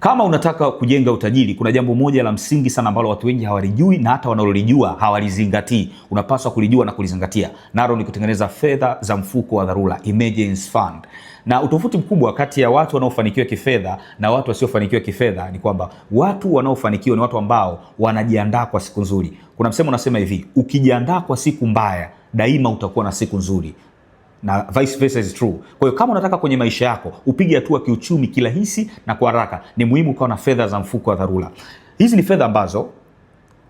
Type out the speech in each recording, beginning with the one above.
Kama unataka kujenga utajiri, kuna jambo moja la msingi sana ambalo watu wengi hawalijui na hata wanalolijua hawalizingatii. Unapaswa kulijua na kulizingatia, nalo ni kutengeneza fedha za mfuko wa dharura, emergency fund. Na utofauti mkubwa kati ya watu wanaofanikiwa kifedha na watu wasiofanikiwa kifedha ni kwamba watu wanaofanikiwa ni watu ambao wanajiandaa kwa siku nzuri. Kuna msemo unasema hivi, ukijiandaa kwa siku mbaya daima utakuwa na siku nzuri na vice versa is true. Kwa hiyo kama unataka kwenye maisha yako upige hatua kiuchumi kirahisi na kwa haraka, ni muhimu ukawa na fedha za mfuko wa dharura. Hizi ni fedha ambazo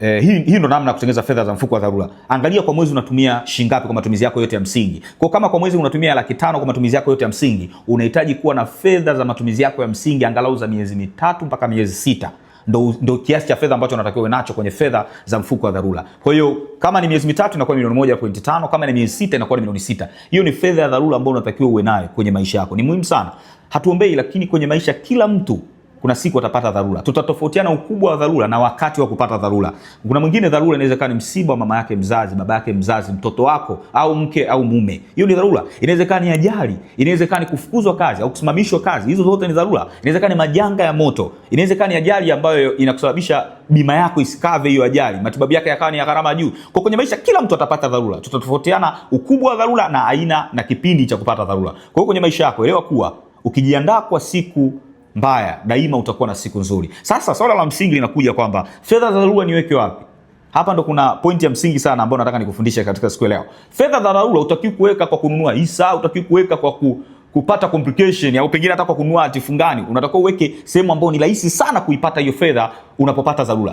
Eh, hii hii ndo namna ya kutengeneza fedha za mfuko wa dharura. Angalia kwa mwezi unatumia shingapi kwa matumizi yako yote ya msingi. Kwa kama kwa mwezi unatumia laki tano kwa matumizi yako yote ya msingi, unahitaji kuwa na fedha za matumizi yako ya msingi angalau za miezi mitatu mpaka miezi sita ndo, ndo kiasi cha fedha ambacho unatakiwa uwe nacho kwenye fedha za mfuko wa dharura. Kwa hiyo kama ni miezi mitatu inakuwa milioni moja pointi tano, kama ni miezi sita inakuwa ni milioni sita. Hiyo ni fedha ya dharura ambayo unatakiwa uwe nayo kwenye maisha yako, ni muhimu sana. Hatuombei, lakini kwenye maisha kila mtu kuna siku atapata dharura. Tutatofautiana ukubwa wa dharura na wakati wa kupata dharura. Kuna mwingine dharura inaweza kuwa ni msiba wa mama yake mzazi, baba yake mzazi, mtoto wako au mke au mume. Hiyo ni dharura. Inaweza kuwa ni ajali, inaweza kuwa ni kufukuzwa kazi au kusimamishwa kazi. Hizo zote ni dharura. Inaweza kuwa ni majanga ya moto, inaweza kuwa ni ajali ambayo inakusababisha bima yako isikave hiyo ajali, matibabu yake yakawa ni ya gharama juu. Kwa kwenye maisha kila mtu atapata dharura, tutatofautiana ukubwa wa dharura na aina na kipindi cha kupata dharura. Kwa hiyo kwenye maisha yako elewa kuwa ukijiandaa kwa siku mbaya, daima utakuwa na siku nzuri. Sasa swala la msingi linakuja kwamba fedha za dharura niweke wapi? Hapa ndo kuna pointi ya msingi sana ambayo nataka nikufundishe katika siku ya leo. Fedha za dharura utakiwa kuweka kwa kununua hisa, utakiwa kuweka kwa ku, kupata complication au pengine hata kwa kununua hatifungani. Unatakiwa uweke sehemu ambayo ni rahisi sana kuipata hiyo fedha unapopata dharura.